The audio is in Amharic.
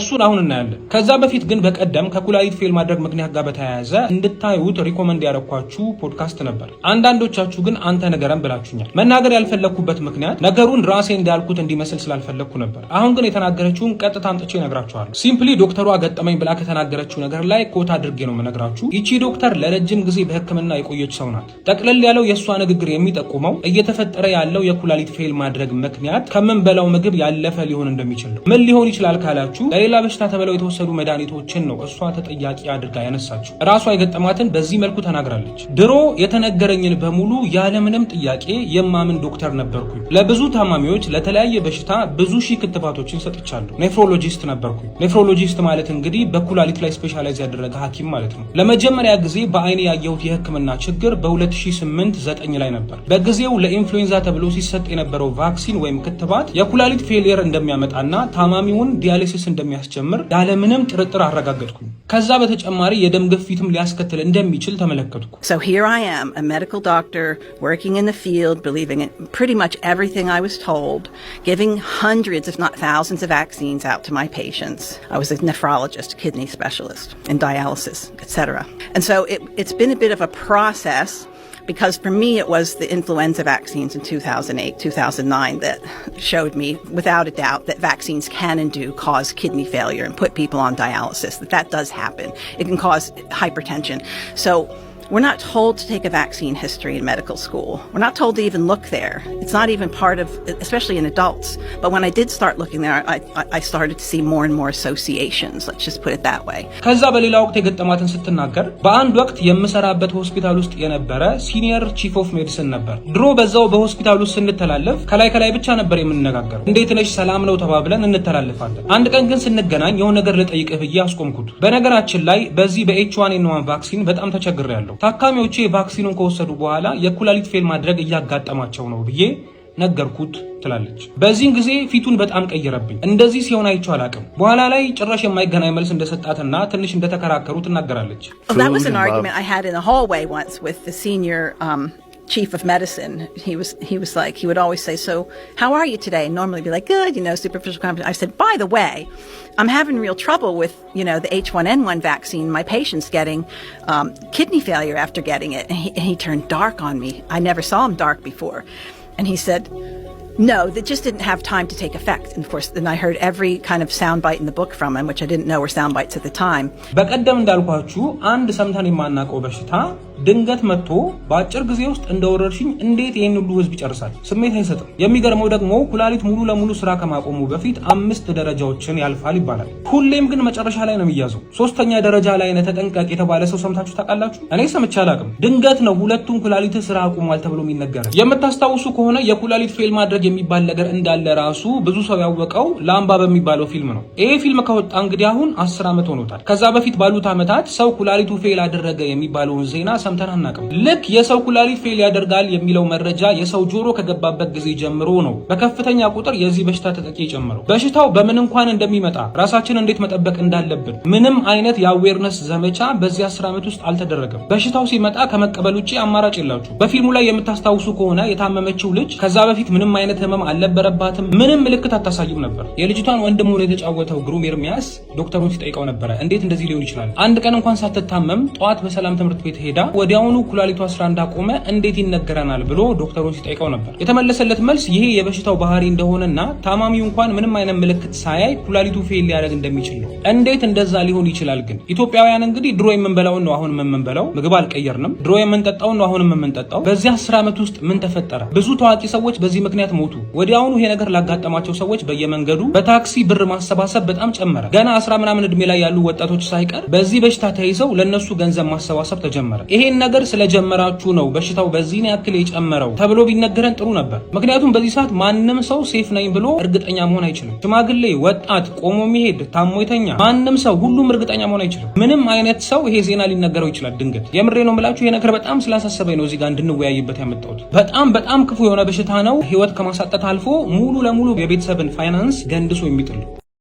እሱን አሁን እናያለን። ከዛ በፊት ግን በቀደም ከኩላሊት ፌል ማድረግ ምክንያት ጋር በተያያዘ እንድታዩት ሪኮመንድ ያደረኳችሁ ፖድካስት ነበር። አንዳንዶቻችሁ ግን አንተ ነገረን ብላችሁኛል። መናገር ያልፈለግኩበት ምክንያት ነገሩን ራሴ እንዳልኩት እንዲመስል ስላልፈለግኩ ነበር። አሁን ግን የተናገረችውን ቀጥታ አንጥቼ እነግራችኋለሁ። ሲምፕሊ ዶክተሯ ገጠመኝ ብላ ከተናገረችው ነገር ላይ ኮት አድርጌ ነው የምነግራችሁ። ይቺ ዶክተር ለረጅም ጊዜ በሕክምና የቆየች ሰው ናት። ጠቅለል ያለው የእሷ ንግግር የሚጠቁመው እየተፈጠረ ያለው የኩላሊት ፌል ማድረግ ምክንያት ከምን በላው ምግብ ያለፈ ሊሆን እንደሚችል ነው። ምን ሊሆን ይችላል ካላችሁ ለሌላ በሽታ ተብለው የተወሰዱ መድኃኒቶችን ነው እሷ ተጠያቂ አድርጋ ያነሳችው። ራሷ የገጠማትን በዚህ መልኩ ተናግራለች። ድሮ የተነገረኝን በሙሉ ያለምንም ጥያቄ የማምን ዶክተር ነበርኩኝ። ለብዙ ታማሚዎች ለተለያየ በሽታ ብዙ ሺህ ክትባቶችን ሰጥቻለሁ። ኔፍሮሎጂስት ነበርኩኝ። ኔፍሮሎጂስት ማለት እንግዲህ በኩላሊት ላይ ስፔሻላይዝ ያደረገ ሐኪም ማለት ነው። ለመጀመሪያ ጊዜ በአይን ያየሁት የህክምና ችግር በ 2008 ላይ ነበር። በጊዜው ለኢንፍሉዌንዛ ተብሎ ሲሰጥ የነበረው ቫክሲን ወይም ክትባት የኩላሊት ፌሊየር እንደሚያመጣና ታማሚውን ዲያሊሲስ እንደሚያ እንደሚያስጨምር ያለምንም ጥርጥር አረጋገጥኩኝ። ከዛ በተጨማሪ የደም ግፊትም ሊያስከትል እንደሚችል ተመለከትኩ። ፕሮሰስ because for me it was the influenza vaccines in 2008, 2009 that showed me without a doubt that vaccines can and do cause kidney failure and put people on dialysis, that that does happen. It can cause hypertension. So we're not told to take a vaccine history in medical school. We're not told to even look there. It's not even part of, especially in adults. But when I did start looking there, I, I started to see more and more associations. Let's just put it that way. ከዛ በሌላ ወቅት የገጠማትን ስትናገር በአንድ ወቅት የምሰራበት ሆስፒታል ውስጥ የነበረ ሲኒየር ቺፍ ኦፍ ሜዲሲን ነበር። ድሮ በዛው በሆስፒታል ውስጥ ስንተላለፍ ከላይ ከላይ ብቻ ነበር የምንነጋገረው። እንዴት ነሽ ሰላም ነው ተባብለን እንተላለፋለን። አንድ ቀን ግን ስንገናኝ የሆነ ነገር ልጠይቅህ ብዬ አስቆምኩት። በነገራችን ላይ በዚህ በኤች ዋን ኤን ዋን ቫክሲን በጣም ተቸግሬያለሁ። ታካሚዎቼ ቫክሲኑን ከወሰዱ በኋላ የኩላሊት ፌል ማድረግ እያጋጠማቸው ነው ብዬ ነገርኩት ትላለች። በዚህን ጊዜ ፊቱን በጣም ቀይረብኝ። እንደዚህ ሲሆን አይቼው አላቅም። በኋላ ላይ ጭራሽ የማይገናኝ መልስ እንደሰጣትና ትንሽ እንደተከራከሩ ትናገራለች። chief of medicine, he was he was like he would always say, "So how are you today?" And normally be like, "Good," you know, superficial confidence. I said, "By the way, I'm having real trouble with you know the H1N1 vaccine. My patient's getting um, kidney failure after getting it," and he, and he turned dark on me. I never saw him dark before, and he said. No, that just didn't have time to take effect. And of course, then I heard every kind of soundbite in the book from him, which I didn't know were soundbites at the time. በቀደም እንዳልኳችሁ አንድ ሰምተን የማናውቀው በሽታ ድንገት መጥቶ በአጭር ጊዜ ውስጥ እንደ ወረርሽኝ እንዴት ይህን ሁሉ ህዝብ ይጨርሳል? ስሜት አይሰጥም። የሚገርመው ደግሞ ኩላሊት ሙሉ ለሙሉ ስራ ከማቆሙ በፊት አምስት ደረጃዎችን ያልፋል ይባላል። ሁሌም ግን መጨረሻ ላይ ነው የሚያዘው። ሶስተኛ ደረጃ ላይ ነህ ተጠንቀቅ የተባለ ሰው ሰምታችሁ ታውቃላችሁ? እኔ ሰምቼ አላውቅም። ድንገት ነው ሁለቱም ኩላሊት ስራ አቁሟል ተብሎ የሚነገረ። የምታስታውሱ ከሆነ የኩላሊት ፌል ማድረግ የሚባል ነገር እንዳለ ራሱ ብዙ ሰው ያወቀው ላምባ በሚባለው ፊልም ነው። ይሄ ፊልም ከወጣ እንግዲህ አሁን አስር ዓመት ሆኖታል። ከዛ በፊት ባሉት ዓመታት ሰው ኩላሊቱ ፌል አደረገ የሚባለውን ዜና ሰምተን አናውቅም። ልክ የሰው ኩላሊት ፌል ያደርጋል የሚለው መረጃ የሰው ጆሮ ከገባበት ጊዜ ጀምሮ ነው በከፍተኛ ቁጥር የዚህ በሽታ ተጠቂ የጨመረው። በሽታው በምን እንኳን እንደሚመጣ ራሳችን እንዴት መጠበቅ እንዳለብን ምንም አይነት የአዌርነስ ዘመቻ በዚህ አስር ዓመት ውስጥ አልተደረገም። በሽታው ሲመጣ ከመቀበል ውጭ አማራጭ የላችሁ። በፊልሙ ላይ የምታስታውሱ ከሆነ የታመመችው ልጅ ከዛ በፊት ምንም አይነት ህመም አልነበረባትም። ምንም ምልክት አታሳይም ነበር። የልጅቷን ወንድም ሆኖ የተጫወተው ግሩም ኤርሚያስ ዶክተሩን ሲጠይቀው ነበረ እንዴት እንደዚህ ሊሆን ይችላል? አንድ ቀን እንኳን ሳትታመም ጠዋት በሰላም ትምህርት ቤት ሄዳ ወዲያውኑ ኩላሊቱ ስራ እንዳቆመ እንዴት ይነገረናል ብሎ ዶክተሩን ሲጠይቀው ነበር። የተመለሰለት መልስ ይሄ የበሽታው ባህሪ እንደሆነና ታማሚው እንኳን ምንም አይነት ምልክት ሳያይ ኩላሊቱ ፌል ሊያደርግ እንደሚችል ነው። እንዴት እንደዛ ሊሆን ይችላል ግን? ኢትዮጵያውያን እንግዲህ ድሮ የምንበላውን ነው አሁን የምንበላው፣ ምግብ አልቀየርንም። ድሮ የምንጠጣውን ነው አሁን የምንጠጣው። በዚህ አስር ዓመት ውስጥ ምን ተፈጠረ? ብዙ ታዋቂ ሰዎች በዚህ ምክንያት ሞቱ። ወዲያውኑ ይሄ ነገር ላጋጠማቸው ሰዎች በየመንገዱ በታክሲ ብር ማሰባሰብ በጣም ጨመረ። ገና አስራ ምናምን እድሜ ላይ ያሉ ወጣቶች ሳይቀር በዚህ በሽታ ተይዘው ለእነሱ ገንዘብ ማሰባሰብ ተጀመረ። ይሄን ይህን ነገር ስለጀመራችሁ ነው በሽታው በዚህን ያክል የጨመረው ተብሎ ቢነገረን ጥሩ ነበር። ምክንያቱም በዚህ ሰዓት ማንም ሰው ሴፍ ነኝ ብሎ እርግጠኛ መሆን አይችልም። ሽማግሌ፣ ወጣት፣ ቆሞ መሄድ፣ ታሞ የተኛ ማንም ሰው ሁሉም እርግጠኛ መሆን አይችልም። ምንም አይነት ሰው ይሄ ዜና ሊነገረው ይችላል ድንገት። የምሬ ነው የምላችሁ ይሄ ነገር በጣም ስላሳሰበኝ ነው እዚህ ጋር እንድንወያይበት ያመጣሁት። በጣም በጣም ክፉ የሆነ በሽታ ነው። ህይወት ከማሳጠት አልፎ ሙሉ ለሙሉ የቤተሰብን ፋይናንስ ገንድሶ የሚጥል